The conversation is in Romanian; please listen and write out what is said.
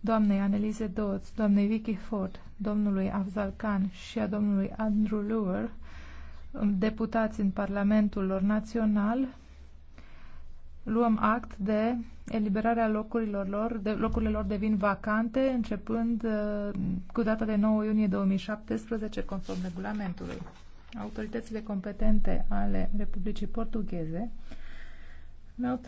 doamnei Annelise Dodds, doamnei Vicky Ford, domnului Afzal Khan și a domnului Andrew Luer, deputați în Parlamentul lor național, luăm act de eliberarea locurilor lor, de, locurile lor devin vacante, începând uh, cu data de 9 iunie 2017, conform regulamentului. Autoritățile competente ale Republicii Portugheze mi-au